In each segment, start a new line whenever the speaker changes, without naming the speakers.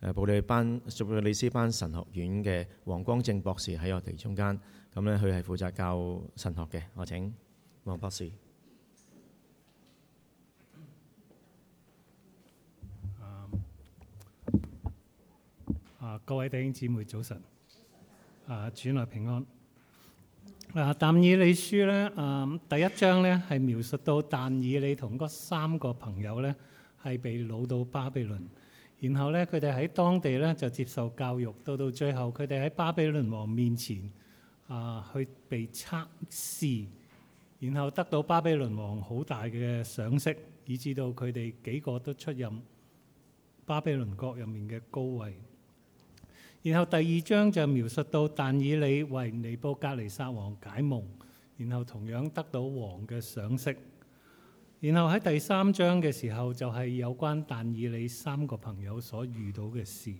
誒布利班、布利斯班神學院嘅黃光正博士喺我哋中間，咁、嗯、呢，佢係負責教神學嘅，我請黃博士。啊，各位弟兄姊妹早晨，啊主內平安。啊但以理書呢，啊第一章呢係描述到但以理同嗰三個朋友呢，係被擄到巴比倫。然後咧，佢哋喺當地咧就接受教育，到到最後佢哋喺巴比倫王面前啊去被測試，然後得到巴比倫王好大嘅賞識，以至到佢哋幾個都出任巴比倫國入面嘅高位。然後第二章就描述到但以理為尼布甲尼撒王解夢，然後同樣得到王嘅賞識。然後喺第三章嘅時候，就係有關但以理三個朋友所遇到嘅事。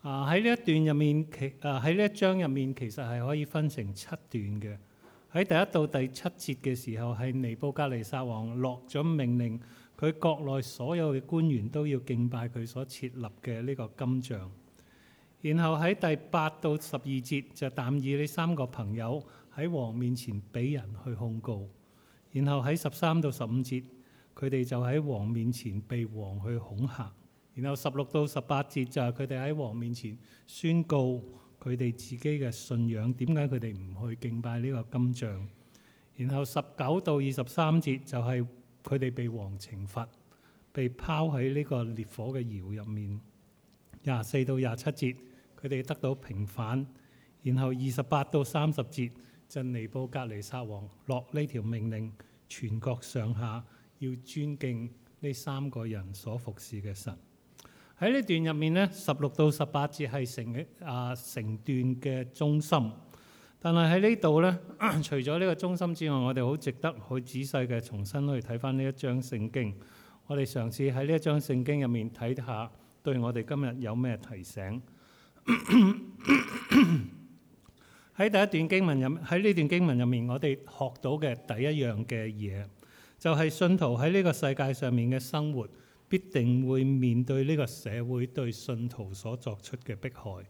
啊，喺呢一段入面，其啊喺呢一章入面，其實係可以分成七段嘅。喺第一到第七節嘅時候，係尼布甲尼撒王落咗命令，佢國內所有嘅官員都要敬拜佢所設立嘅呢個金像。然後喺第八到十二節，就但以理三個朋友喺王面前俾人去控告。然後喺十三到十五節，佢哋就喺王面前被王去恐嚇。然後十六到十八節就係佢哋喺王面前宣告佢哋自己嘅信仰，點解佢哋唔去敬拜呢個金像？然後十九到二十三節就係佢哋被王懲罰，被拋喺呢個烈火嘅窯入面。廿四到廿七節佢哋得到平反。然後二十八到三十節。就尼布甲尼撒王落呢條命令，全國上下要尊敬呢三個人所服侍嘅神。喺呢段入面呢，十六到十八節係成啊，成段嘅中心。但係喺呢度呢，除咗呢個中心之外，我哋好值得去仔細嘅重新去睇翻呢一章聖經。我哋嘗試喺呢一章聖經入面睇下，對我哋今日有咩提醒。 喺第一段經文入，喺呢段經文入面，我哋學到嘅第一樣嘅嘢，就係信徒喺呢個世界上面嘅生活，必定會面對呢個社會對信徒所作出嘅迫害。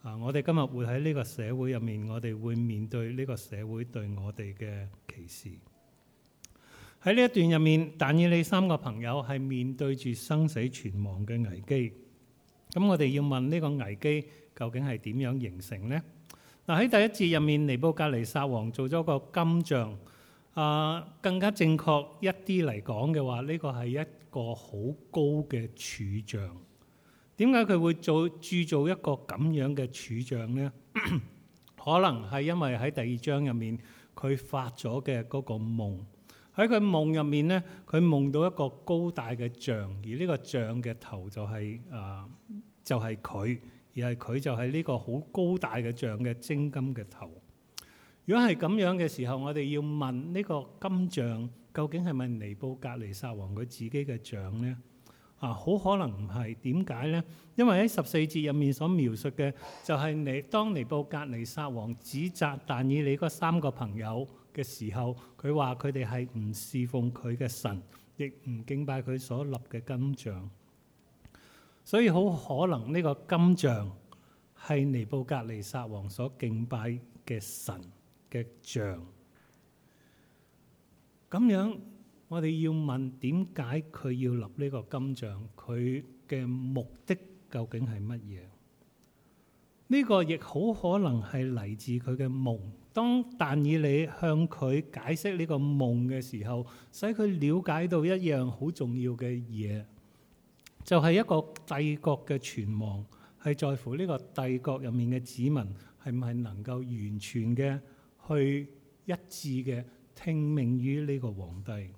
啊，我哋今日會喺呢個社會入面，我哋會面對呢個社會對我哋嘅歧視。喺呢一段入面，但以理三個朋友係面對住生死存亡嘅危機。咁我哋要問，呢個危機究竟係點樣形成呢？嗱，喺第一節入面，尼布甲尼撒王做咗個金像。啊、呃，更加正確一啲嚟講嘅話，呢、這個係一個好高嘅柱像。點解佢會做鑄造一個咁樣嘅柱像呢咳咳？可能係因為喺第二章入面，佢發咗嘅嗰個夢。喺佢夢入面呢，佢夢到一個高大嘅像，而呢個像嘅頭就係、是、啊、呃，就係、是、佢。而係佢就係呢個好高大嘅像嘅精金嘅頭。如果係咁樣嘅時候，我哋要問呢個金像究竟係咪尼布格尼撒王佢自己嘅像呢？啊，好可能唔係。點解呢？因為喺十四節入面所描述嘅就係尼，當尼布格尼撒王指責但以理嗰三個朋友嘅時候，佢話佢哋係唔侍奉佢嘅神，亦唔敬拜佢所立嘅金像。所以好可能呢個金像係尼布格尼撒王所敬拜嘅神嘅像。咁樣我哋要問，點解佢要立呢個金像？佢嘅目的究竟係乜嘢？呢個亦好可能係嚟自佢嘅夢。當但以理向佢解釋呢個夢嘅時候，使佢了解到一樣好重要嘅嘢。就係一個帝國嘅存亡，係在乎呢個帝國入面嘅子民係唔係能夠完全嘅去一致嘅聽命於呢個皇帝。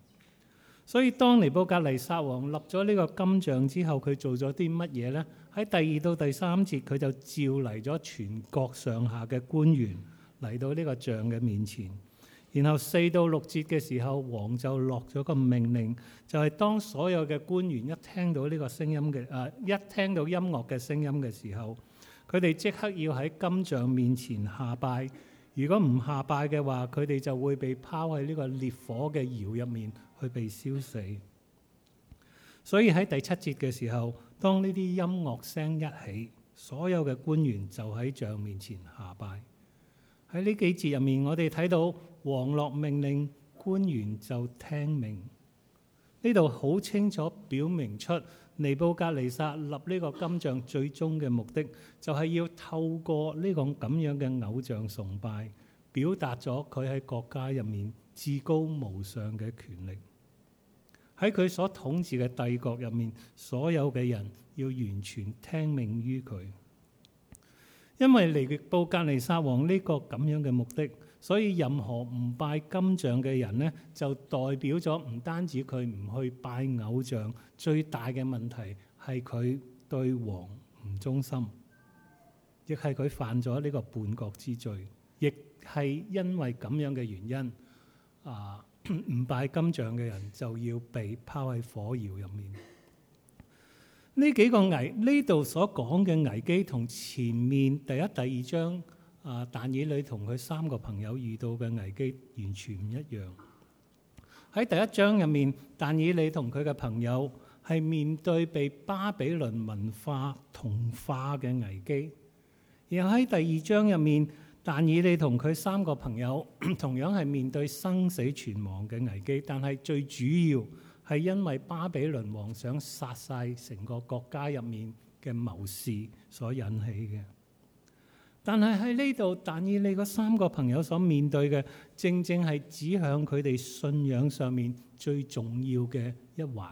所以當尼布甲尼撒王立咗呢個金像之後，佢做咗啲乜嘢呢？喺第二到第三節，佢就召嚟咗全國上下嘅官員嚟到呢個像嘅面前。然後四到六節嘅時候，王就落咗個命令，就係、是、當所有嘅官員一聽到呢個聲音嘅誒、啊，一聽到音樂嘅聲音嘅時候，佢哋即刻要喺金像面前下拜。如果唔下拜嘅話，佢哋就會被拋喺呢個烈火嘅窯入面去被燒死。所以喺第七節嘅時候，當呢啲音樂聲一起，所有嘅官員就喺像面前下拜。喺呢幾節入面，我哋睇到。王落命令官員就聽命，呢度好清楚表明出尼布甲尼撒立呢個金像最終嘅目的，就係、是、要透過呢個咁樣嘅偶像崇拜，表達咗佢喺國家入面至高無上嘅權力。喺佢所統治嘅帝國入面，所有嘅人要完全聽命於佢，因為尼布甲尼撒王呢個咁樣嘅目的。所以任何唔拜金像嘅人咧，就代表咗唔單止佢唔去拜偶像，最大嘅問題係佢對王唔忠心，亦係佢犯咗呢個叛國之罪，亦係因為咁樣嘅原因，啊唔 拜金像嘅人就要被拋喺火窯入面。呢幾個危呢度所講嘅危機同前面第一、第二章。啊！但以理同佢三個朋友遇到嘅危機完全唔一樣。喺第一章入面，但以理同佢嘅朋友係面對被巴比倫文化同化嘅危機；然後喺第二章入面，但以理同佢三個朋友同樣係面對生死存亡嘅危機，但係最主要係因為巴比倫王想殺晒成個國家入面嘅謀士所引起嘅。但係喺呢度，但以理嗰三個朋友所面對嘅，正正係指向佢哋信仰上面最重要嘅一環。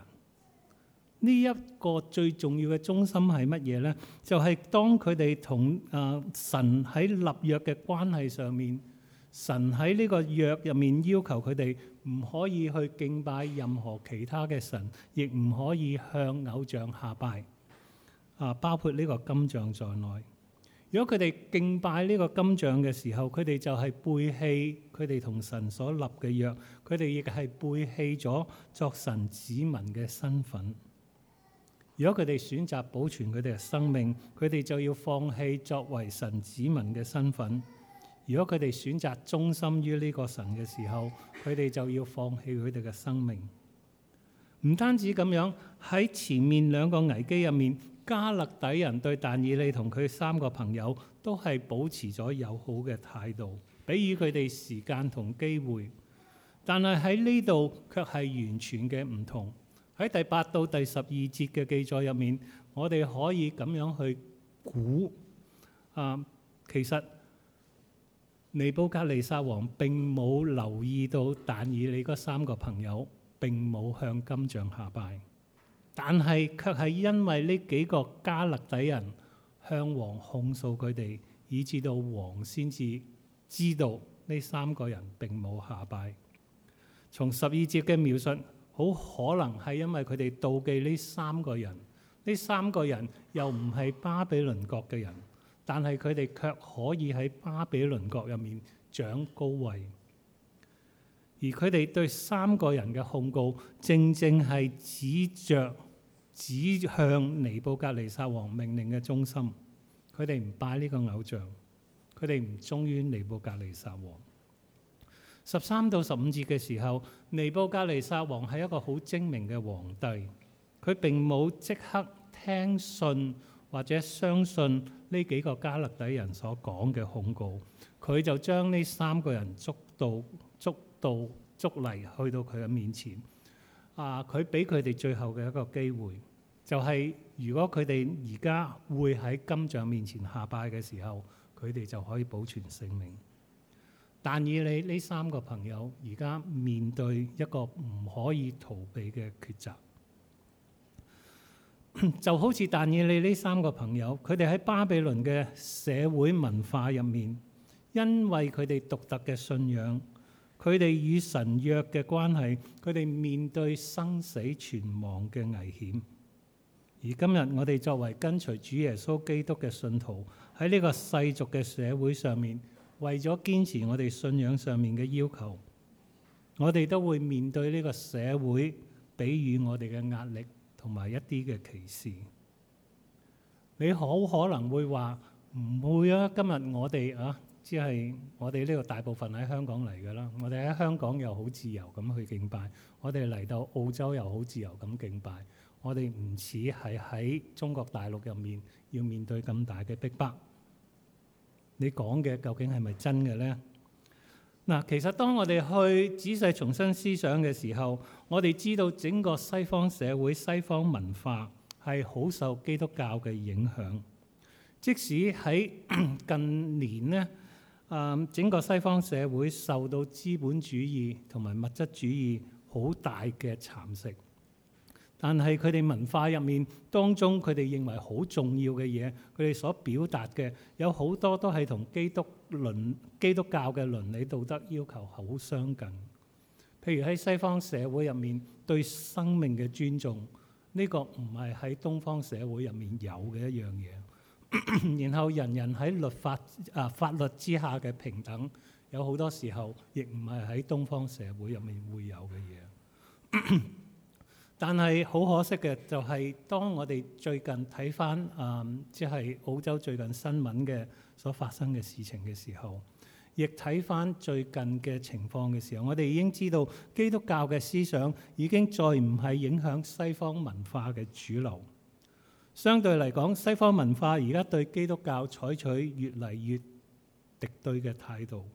呢、這、一個最重要嘅中心係乜嘢呢？就係、是、當佢哋同啊神喺立約嘅關係上面，神喺呢個約入面要求佢哋唔可以去敬拜任何其他嘅神，亦唔可以向偶像下拜，啊包括呢個金像在內。如果佢哋敬拜呢個金像嘅時候，佢哋就係背棄佢哋同神所立嘅約，佢哋亦係背棄咗作神子民嘅身份。如果佢哋選擇保存佢哋嘅生命，佢哋就要放棄作為神子民嘅身份。如果佢哋選擇忠心於呢個神嘅時候，佢哋就要放棄佢哋嘅生命。唔單止咁樣，喺前面兩個危機入面。加勒底人對但以理同佢三個朋友都係保持咗友好嘅態度，俾予佢哋時間同機會。但係喺呢度卻係完全嘅唔同。喺第八到第十二節嘅記載入面，我哋可以咁樣去估啊，其實尼布加利沙王並冇留意到但以理嗰三個朋友並冇向金像下拜。但係，卻係因為呢幾個加勒底人向王控訴佢哋，以致到王先至知，知道呢三個人並冇下拜。從十二節嘅描述，好可能係因為佢哋妒忌呢三個人。呢三個人又唔係巴比倫國嘅人，但係佢哋卻可以喺巴比倫國入面掌高位。而佢哋對三個人嘅控告，正正係指着。指向尼布甲尼撒王命令嘅中心，佢哋唔拜呢個偶像，佢哋唔忠於尼布甲尼撒王。十三到十五節嘅時候，尼布甲尼撒王係一個好精明嘅皇帝，佢並冇即刻聽信或者相信呢幾個加勒底人所講嘅控告，佢就將呢三個人捉到、捉到、捉嚟，去到佢嘅面前。啊！佢俾佢哋最後嘅一個機會，就係、係、如果佢哋而家會喺金像面前下拜嘅時候，佢哋就可以保存性命。但以利呢三個朋友而家面對一個唔可以逃避嘅抉擇， 就好似但以利呢三個朋友，佢哋喺巴比倫嘅社會文化入面，因為佢哋獨特嘅信仰。佢哋與神約嘅關係，佢哋面對生死存亡嘅危險。而今日我哋作為跟隨主耶穌基督嘅信徒，喺呢個世俗嘅社會上面，為咗堅持我哋信仰上面嘅要求，我哋都會面對呢個社會給予我哋嘅壓力同埋一啲嘅歧視。你好可能會話唔會啊？今日我哋啊～只係我哋呢個大部分喺香港嚟嘅啦，我哋喺香港又好自由咁去敬拜，我哋嚟到澳洲又好自由咁敬拜，我哋唔似係喺中國大陸入面要面對咁大嘅逼迫，迫。你講嘅究竟係咪真嘅呢？嗱，其實當我哋去仔細重新思想嘅時候，我哋知道整個西方社會、西方文化係好受基督教嘅影響，即使喺 近年呢。整個西方社會受到資本主義同埋物質主義好大嘅蠶食，但係佢哋文化入面當中，佢哋認為好重要嘅嘢，佢哋所表達嘅有好多都係同基督倫基督教嘅倫理道德要求好相近。譬如喺西方社會入面對生命嘅尊重，呢個唔係喺東方社會入面有嘅一樣嘢。然後人人喺律法法律之下嘅平等，有好多時候亦唔係喺東方社會入面會有嘅嘢。 但係好可惜嘅，就係、是、當我哋最近睇翻，即係澳洲最近新聞嘅所發生嘅事情嘅時候，亦睇翻最近嘅情況嘅時候，我哋已經知道基督教嘅思想已經再唔係影響西方文化嘅主流。相對嚟講，西方文化而家對基督教採取越嚟越敵對嘅態度。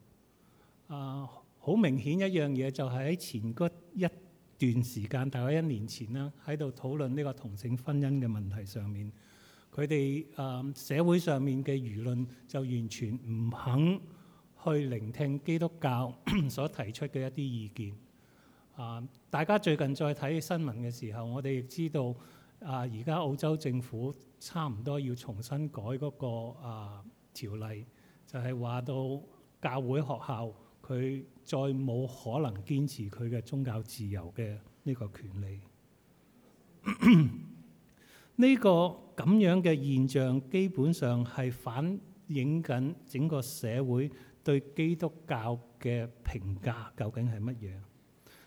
啊，好明顯一樣嘢就係喺前一段時間，大概一年前啦，喺度討論呢個同性婚姻嘅問題上面，佢哋啊社會上面嘅輿論就完全唔肯去聆聽基督教所提出嘅一啲意見。啊，uh，大家最近再睇新聞嘅時候，我哋亦知道。啊！而家澳洲政府差唔多要重新改嗰、那個啊條例，就係、是、話到教會學校，佢再冇可能堅持佢嘅宗教自由嘅呢個權利。呢、 這個咁樣嘅現象，基本上係反映緊整個社會對基督教嘅評價究竟係乜嘢？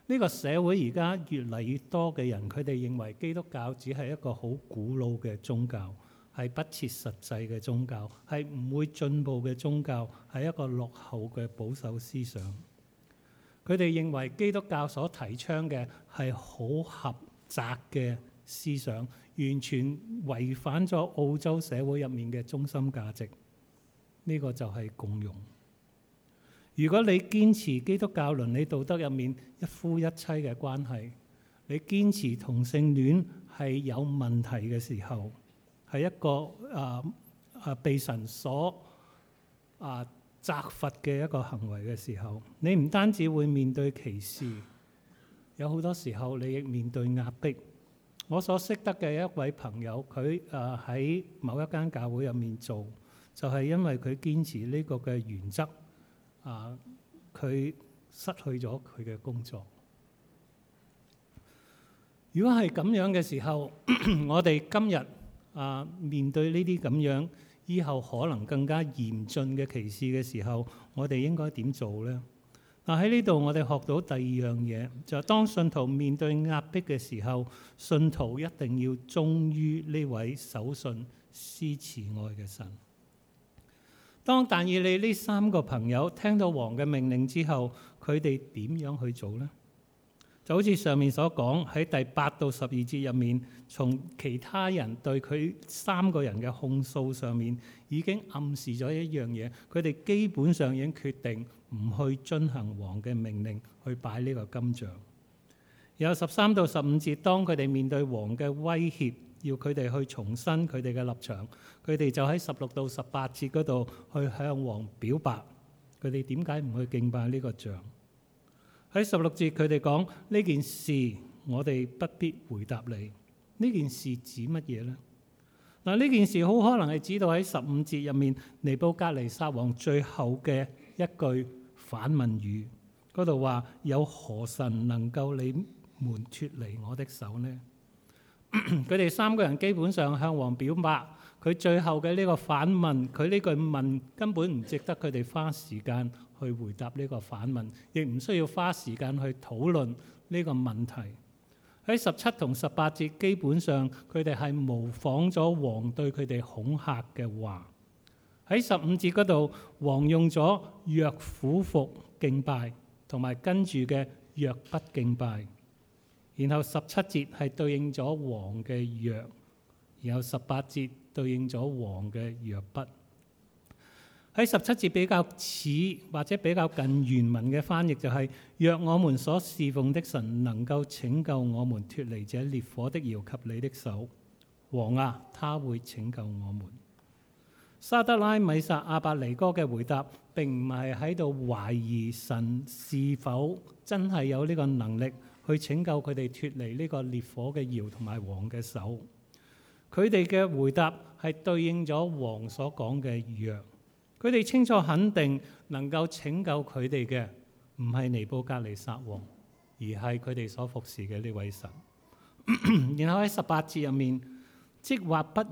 呢個社會而家越嚟越多嘅人，佢哋認為基督教只係一個好古老嘅宗教，係不切實際嘅宗教，係唔會進步嘅宗教，係一個落後嘅保守思想。佢哋認為基督教所提倡嘅係好狹窄嘅思想，完全違反咗澳洲社會入面嘅中心價值。呢個就係共融。如果你堅持基督教倫理道德入面一夫一妻嘅關係，你堅持同性戀係有問題嘅時候，係一個啊啊被神所啊責罰嘅一個行為嘅時候，你唔單止會面對歧視，有好多時候你亦面對壓迫。我所識得嘅一位朋友，佢啊喺某一間教會入面做，就係因為佢堅持呢個嘅原則。啊！佢失去咗佢嘅工作。如果係咁樣嘅時候， 我哋今日啊面對呢啲咁樣，以後可能更加嚴峻嘅歧視嘅時候，我哋應該點做呢？嗱喺呢度我哋學到第二樣嘢，就係、是、當信徒面對壓迫嘅時候，信徒一定要忠於呢位守信施慈愛嘅神。當但以利呢三個朋友聽到王嘅命令之後，佢哋點樣去做呢？就好似上面所講喺第八到十二節入面，從其他人對佢三個人嘅控訴上面，已經暗示咗一樣嘢，佢哋基本上已經決定唔去遵行王嘅命令去擺呢個金像。有十三到十五節，當佢哋面對王嘅威脅。要佢哋去重申佢哋嘅立場，佢哋就喺十六到十八節嗰度去向王表白，佢哋點解唔去敬拜呢個像？喺十六節佢哋講，呢件事，我哋不必回答你。呢件事指乜嘢咧？嗱，呢件事好可能係指到喺十五節入面尼布甲尼撒王最後嘅一句反問語嗰度話，有何神能夠你們脫離我的手呢？佢哋三個人基本上向王表白，佢最後嘅呢個反問，佢呢句問根本唔值得佢哋花時間去回答呢個反問，亦唔需要花時間去討論呢個問題。喺十七同十八節基本上佢哋係模仿咗王對佢哋恐嚇嘅話。喺十五節嗰度，王用咗若俯伏敬拜，同埋跟住嘅若不敬拜。然後十七節係對應咗王嘅藥，然後十八節對應咗王嘅藥筆。喺十七節比較似或者比較近原文嘅翻譯就係、是：若我們所侍奉的神能夠拯救我們脱離這烈火的窑，及你的手，王啊，他會拯救我們。沙德拉、米沙、阿伯尼哥嘅回答，並唔係喺度懷疑神是否真係有呢個能力。去拯救佢哋脱離呢個烈火嘅窰同埋王嘅手。佢哋嘅回答係對應咗王所講嘅若。佢哋清楚肯定能夠拯救佢哋嘅，唔係尼布甲尼撒王，而係佢哋所服侍嘅呢位神。 然後喺十八節入面，即或不然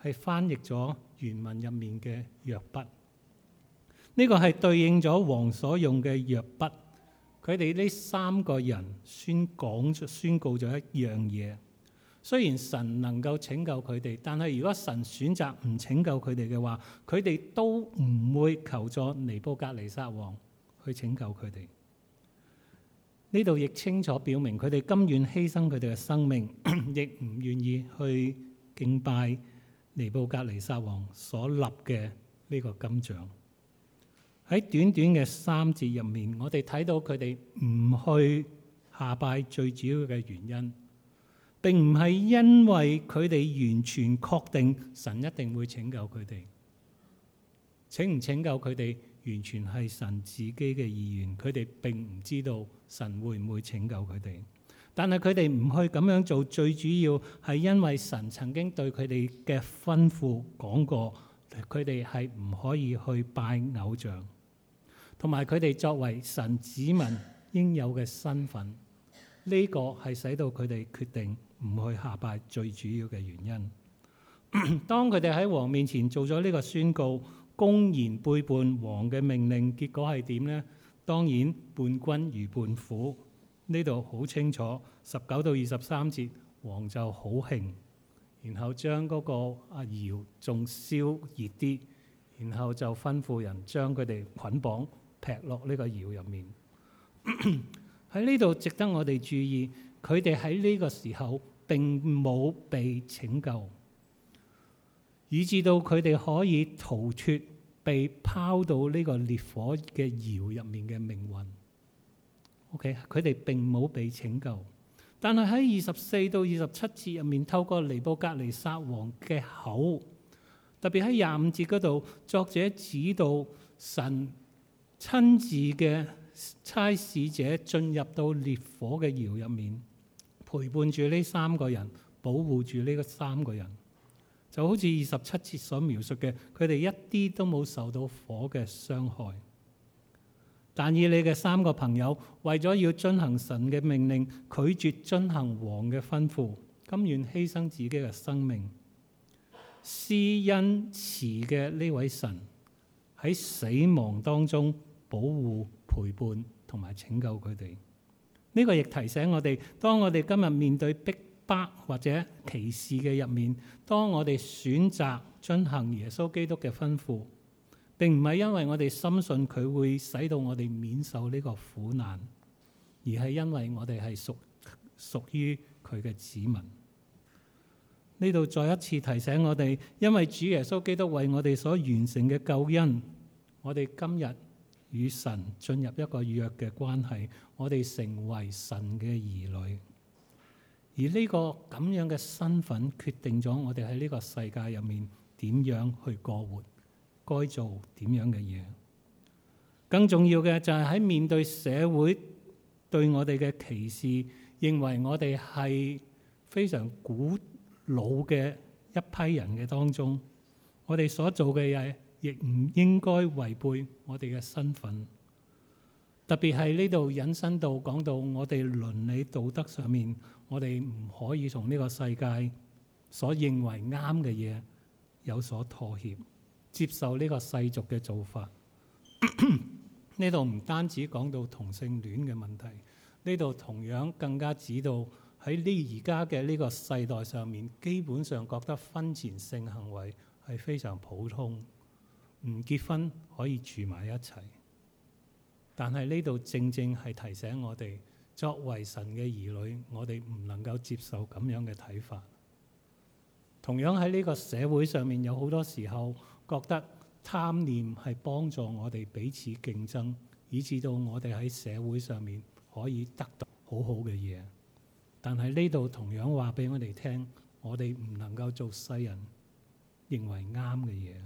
係翻譯咗原文入面嘅若不。呢、這個係對應咗王所用嘅若不。佢哋呢三個人宣講、宣告咗一樣嘢。雖然神能夠拯救佢哋，但係如果神選擇唔拯救佢哋嘅話，佢哋都唔會求助尼布甲尼撒王去拯救佢哋。呢度亦清楚表明，佢哋甘願犧牲佢哋嘅生命，亦唔願意去敬拜尼布甲尼撒王所立嘅呢個金像。喺短短嘅三節入面，我哋睇到佢哋唔去下拜最主要嘅原因，並唔係因為佢哋完全確定神一定會拯救佢哋，拯唔拯救佢哋完全係神自己嘅意願，佢哋並唔知道神會唔會拯救佢哋。但係佢哋唔去咁樣做，最主要係因為神曾經對佢哋嘅吩咐講過。佢哋係唔可以去拜偶像，同埋佢哋作為神子民應有嘅身份，呢、這個係使到佢哋決定唔去下拜最主要嘅原因。咳咳當佢哋喺王面前做咗呢個宣告，公然背叛王嘅命令，結果係點呢？當然，叛君如叛虎，呢度好清楚。十九到二十三節，王就好㷫。然後將嗰個阿窯仲燒熱啲，然後就吩咐人將佢哋捆綁劈落呢個窯入面。喺呢度值得我哋注意，佢哋喺呢個時候並冇被拯救，以至到佢哋可以逃脫被拋到呢個烈火嘅窯入面嘅命運。OK，佢哋並冇被拯救。但係喺二十四到二十七節入面，透過尼布格尼撒王嘅口，特別喺廿五節嗰度，作者指導神親自嘅差使者進入到烈火嘅窯入面，陪伴住呢三個人，保護住呢個三個人，就好似二十七節所描述嘅，佢哋一啲都冇受到火嘅傷害。但以理嘅三個朋友為咗要遵行神嘅命令，拒絕遵行王嘅吩咐，甘願犧牲自己嘅生命，施恩慈嘅呢位神喺死亡當中保護、陪伴同埋拯救佢哋。呢個亦提醒我哋，當我哋今日面對逼迫或者歧視嘅入面，當我哋選擇遵行耶穌基督嘅吩咐，並唔係因為我哋深信佢會使到我哋免受呢個苦難，而係因為我哋係屬屬於佢嘅子民。呢度再一次提醒我哋，因為主耶穌基督為我哋所完成嘅救恩，我哋今日與神進入一個約嘅關係，我哋成為神嘅兒女。而呢、呢個咁樣嘅身份，決定咗我哋喺呢個世界入面點樣去過活。該做點樣嘅嘢？更重要嘅就係喺面對社會對我哋嘅歧視，認為我哋係非常古老嘅一批人嘅當中，我哋所做嘅嘢亦唔應該違背我哋嘅身份。特別係呢度引申到講到我哋倫理道德上面，我哋唔可以從呢個世界所認為啱嘅嘢，有所妥協。接受呢個世俗嘅做法，呢度唔單止講到同性戀嘅問題，呢度同樣更加指到喺呢而家嘅呢個世代上面，基本上覺得婚前性行為係非常普通，唔結婚可以住埋一齊。但係呢度正正係提醒我哋，作為神嘅兒女，我哋唔能夠接受咁樣嘅睇法。同樣喺呢個社會上面，有好多時候，覺得貪念係幫助我哋彼此競爭，以致到我哋喺社會上面可以得到好好嘅嘢。但係呢度同樣話俾我哋聽，我哋唔能夠做世人認為啱嘅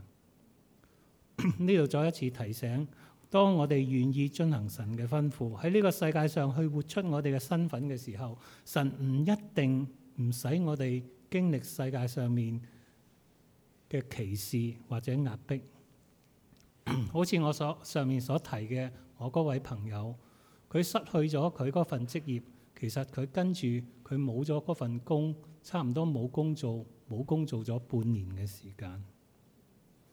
嘢。呢度 再一次提醒：當我哋願意遵行神嘅吩咐，喺呢個世界上去活出我哋嘅身份嘅時候，神唔一定唔使我哋經歷世界上面。嘅歧視或者壓迫， 好似我所上面所提嘅，我嗰位朋友佢失去咗佢嗰份職業，其實佢跟住佢冇咗嗰份工，差唔多冇工做，冇工做咗半年嘅時間。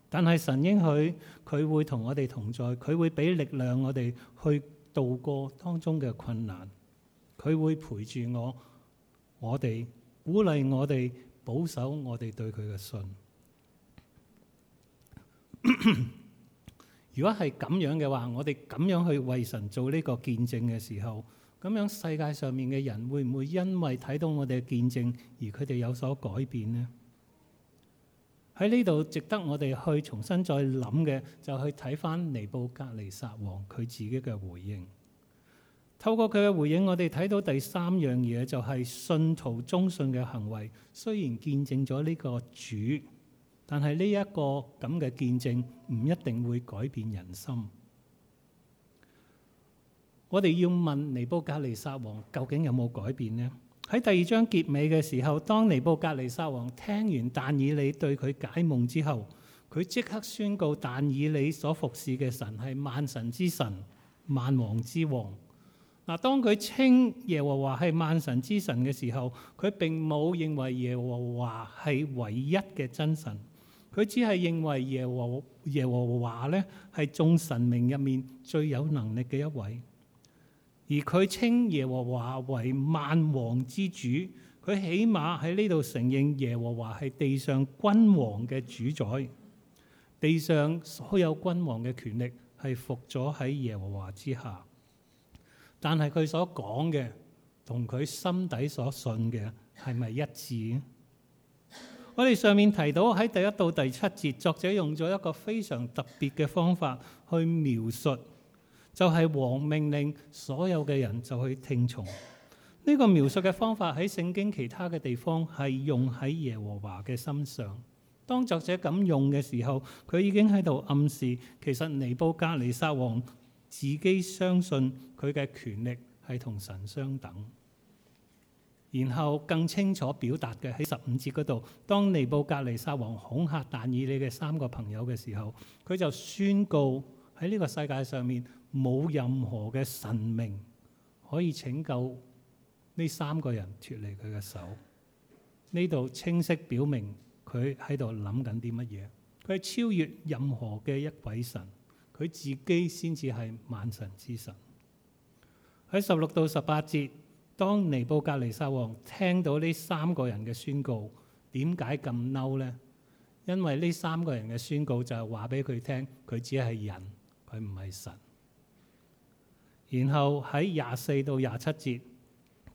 但係神應佢，佢會同我哋同在，佢會俾力量我哋去度過當中嘅困難，佢會陪住我，我哋鼓勵我哋保守我哋對佢嘅信。 如果係咁樣嘅話，我哋咁樣去為神做呢個見證嘅時候，咁樣世界上面嘅人會唔會因為睇到我哋嘅見證而佢哋有所改變呢？喺呢度值得我哋去重新再諗嘅，就去睇翻尼布格尼撒王佢自己嘅回應。透過佢嘅回應，我哋睇到第三樣嘢，就係、是、信徒忠信嘅行為。雖然見證咗呢個主。但係呢一個咁嘅見證唔一定會改變人心。我哋要問尼布甲尼撒王究竟有冇改變呢？喺第二章結尾嘅時候，當尼布甲尼撒王聽完但以理對佢解夢之後，佢即刻宣告但以理所服侍嘅神係萬神之神、萬王之王。嗱，當佢稱耶和華係萬神之神嘅時候，佢並冇認為耶和華係唯一嘅真神。佢只係認為耶和耶和華呢，係眾神明入面最有能力嘅一位，而佢稱耶和華為萬王之主，佢起碼喺呢度承認耶和華係地上君王嘅主宰，地上所有君王嘅權力係服咗喺耶和華之下。但係佢所講嘅同佢心底所信嘅係咪一致？我哋上面提到喺第一到第七節，作者用咗一個非常特別嘅方法去描述，就係王命令所有嘅人就去聽從。呢個描述嘅方法喺聖經其他嘅地方係用喺耶和華嘅身上。當作者咁用嘅時候，佢已經喺度暗示，其實尼布甲尼撒王自己相信佢嘅權力係同神相等。然後更清楚表達嘅喺十五節嗰度，當尼布格尼撒王恐嚇但以理嘅三個朋友嘅時候，佢就宣告喺呢個世界上面冇任何嘅神明可以拯救呢三個人脫離佢嘅手。呢度清晰表明佢喺度諗緊啲乜嘢？佢係超越任何嘅一位神，佢自己先至係萬神之神。喺十六到十八節。當尼布格尼撒王聽到呢三個人嘅宣告，點解咁嬲呢？因為呢三個人嘅宣告就係話俾佢聽，佢只係人，佢唔係神。然後喺廿四到廿七節，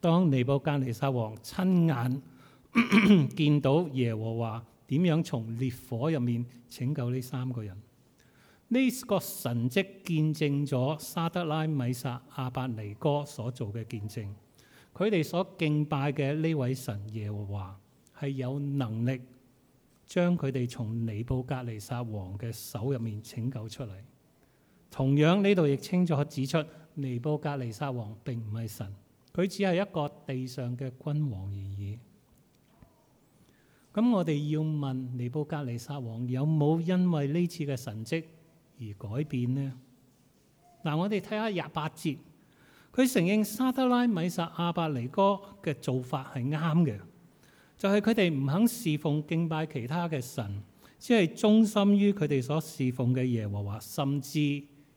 當尼布甲尼撒王親眼 見到耶和華點樣從烈火入面拯救呢三個人，呢、呢個神蹟見證咗沙得拉、米撒、亞伯尼哥所做嘅見證。佢哋所敬拜嘅呢位神耶和華係有能力將佢哋從尼布甲尼撒王嘅手入面拯救出嚟。同樣呢度亦清楚指出，尼布甲尼撒王並唔係神，佢只係一個地上嘅君王而已。咁我哋要問，尼布甲尼撒王有冇因為呢次嘅神迹而改變呢？嗱，我哋睇下廿八節。佢承認沙得拉、米煞、亞伯尼歌嘅做法係啱嘅，就係佢哋唔肯侍奉敬拜其他嘅神，只係忠心於佢哋所侍奉嘅耶和華，甚至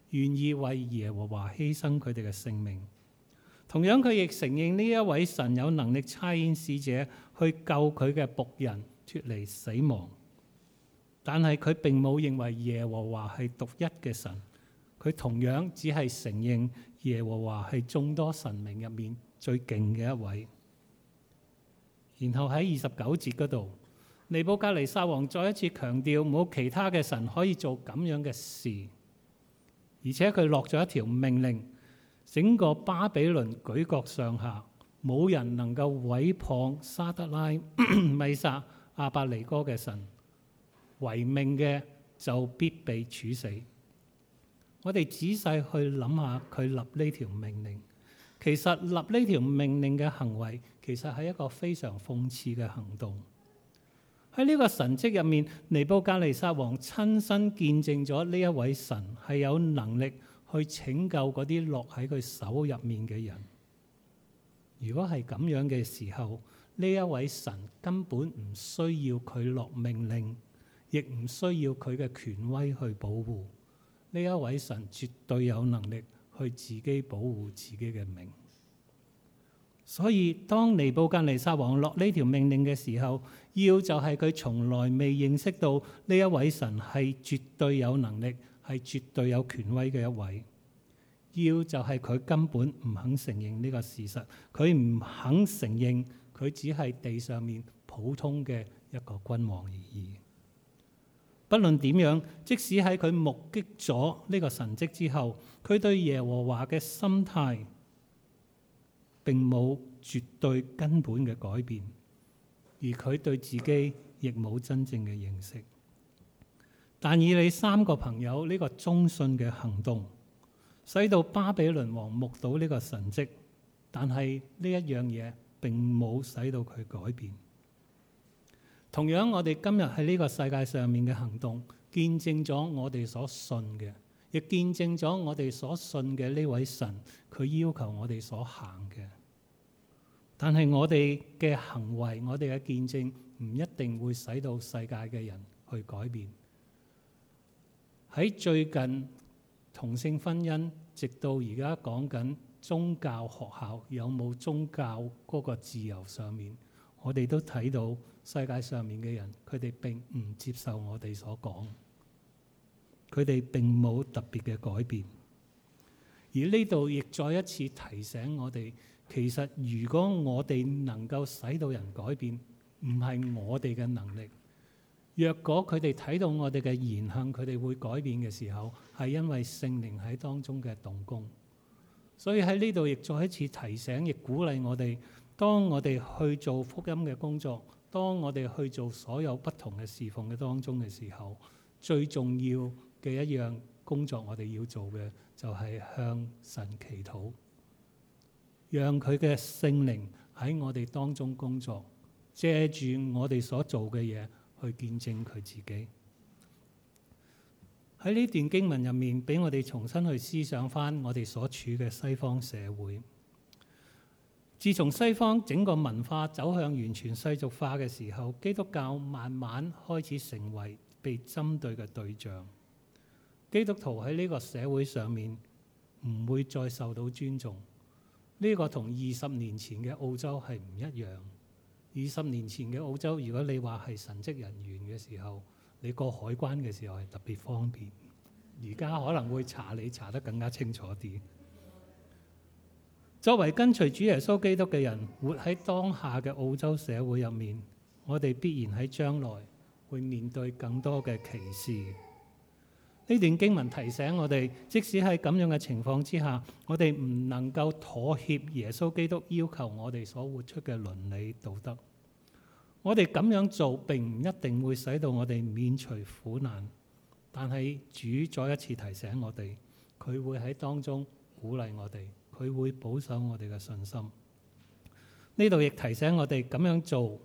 願意為耶和華犧牲佢哋嘅性命。同樣，佢亦承認呢一位神有能力差遣使者去救佢嘅僕人脫離死亡。但係佢並冇認為耶和華係獨一嘅神，佢同樣只係承認。耶和華係眾多神明入面最勁嘅一位，然後喺二十九節嗰度，尼布加尼撒王再一次強調冇其他嘅神可以做咁樣嘅事，而且佢落咗一條命令，整個巴比倫舉國上下冇人能夠毀謗沙得拉、米沙、 阿伯尼哥嘅神，違命嘅就必被處死。我哋仔細去諗下佢立呢條命令，其實立呢條命令嘅行為，其實係一個非常諷刺嘅行動。喺呢個神跡入面，尼布甲尼撒王親身見證咗呢一位神係有能力去拯救嗰啲落喺佢手入面嘅人。如果係咁樣嘅時候，呢一位神根本唔需要佢落命令，亦唔需要佢嘅權威去保護。呢一位神絕對有能力去自己保護自己嘅命，所以當尼布甲尼撒王落呢條命令嘅時候，要就係佢從來未認識到呢一位神係絕對有能力、係絕對有權威嘅一位，要就係佢根本唔肯承認呢個事實，佢唔肯承認佢只係地上面普通嘅一個君王而已。不論點樣，即使喺佢目擊咗呢個神蹟之後，佢對耶和華嘅心態並冇絕對根本嘅改變，而佢對自己亦冇真正嘅認識。但以理三個朋友呢個忠信嘅行動，使到巴比倫王目睹呢個神蹟，但係呢一樣嘢並冇使到佢改變。同樣，我哋今日喺呢個世界上面嘅行動，見證咗我哋所信嘅，亦見證咗我哋所信嘅呢位神，佢要求我哋所行嘅。但係我哋嘅行為，我哋嘅見證，唔一定會使到世界嘅人去改變。喺最近同性婚姻，直到而家講緊宗教學校有冇宗教嗰個自由上面。我哋都睇到世界上面嘅人，佢哋並唔接受我哋所講，佢哋並冇特別嘅改變。而呢度亦再一次提醒我哋，其實如果我哋能夠使到人改變，唔係我哋嘅能力。若果佢哋睇到我哋嘅言行，佢哋會改變嘅時候，係因為聖靈喺當中嘅動工。所以喺呢度亦再一次提醒，亦鼓勵我哋。當我哋去做福音嘅工作，當我哋去做所有不同嘅侍奉嘅當中嘅時候，最重要嘅一樣工作我哋要做嘅就係向神祈禱，讓佢嘅聖靈喺我哋當中工作，借住我哋所做嘅嘢去見證佢自己。喺呢段經文入面，俾我哋重新去思想返我哋所處嘅西方社會。自從西方整個文化走向完全世俗化嘅時候，基督教慢慢開始成為被針對嘅對象。基督徒喺呢個社會上面唔會再受到尊重。呢個同二十年前嘅澳洲係唔一樣。二十年前嘅澳洲，如果你話係神職人員嘅時候，你過海關嘅時候係特別方便。而家可能會查你，查得更加清楚啲。作為跟隨主耶穌基督嘅人，活喺當下嘅澳洲社會入面，我哋必然喺將來會面對更多嘅歧視。呢段經文提醒我哋，即使喺咁樣嘅情況之下，我哋唔能夠妥協耶穌基督要求我哋所活出嘅倫理道德。我哋咁樣做，並唔一定會使到我哋免除苦難，但係主再一次提醒我哋，佢會喺當中鼓勵我哋。佢會保守我哋嘅信心。呢度亦提醒我哋咁樣做，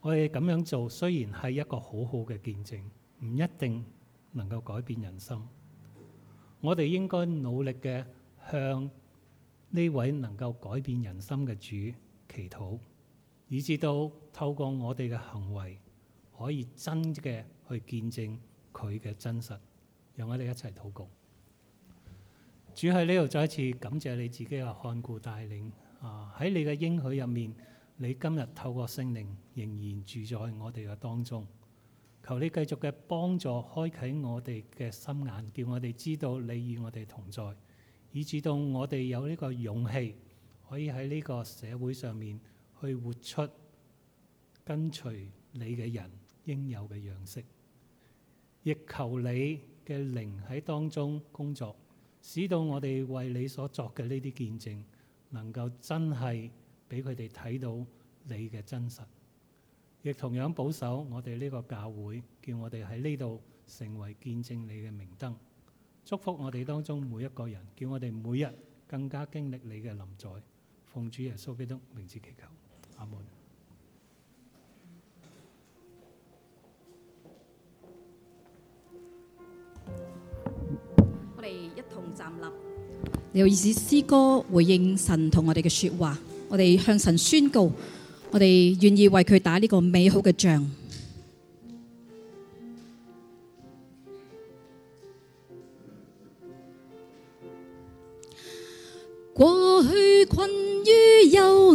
我哋咁樣做雖然係一個好好嘅見證，唔一定能夠改變人心。我哋應該努力嘅向呢位能夠改變人心嘅主祈禱，以至到透過我哋嘅行為，可以真嘅去見證佢嘅真實。讓我哋一齊禱告。主喺呢度，再一次感謝你自己嘅看顧帶領啊！喺你嘅應許入面，你今日透過聖靈仍然住在我哋嘅當中。求你繼續嘅幫助，開啟我哋嘅心眼，叫我哋知道你與我哋同在，以至到我哋有呢個勇氣，可以喺呢個社會上面去活出跟隨你嘅人應有嘅樣式。亦求你嘅靈喺當中工作。使到我哋為你所作嘅呢啲見證，能夠真係俾佢哋睇到你嘅真實，亦同樣保守我哋呢個教會，叫我哋喺呢度成為見證你嘅明燈。祝福我哋當中每一個人，叫我哋每日更加經歷你嘅臨在。奉主耶穌基督名字祈求，阿門。同站立，你有意思詩歌回應神同我哋嘅說話，我哋向神宣告，我哋願意為佢打呢個美好嘅仗。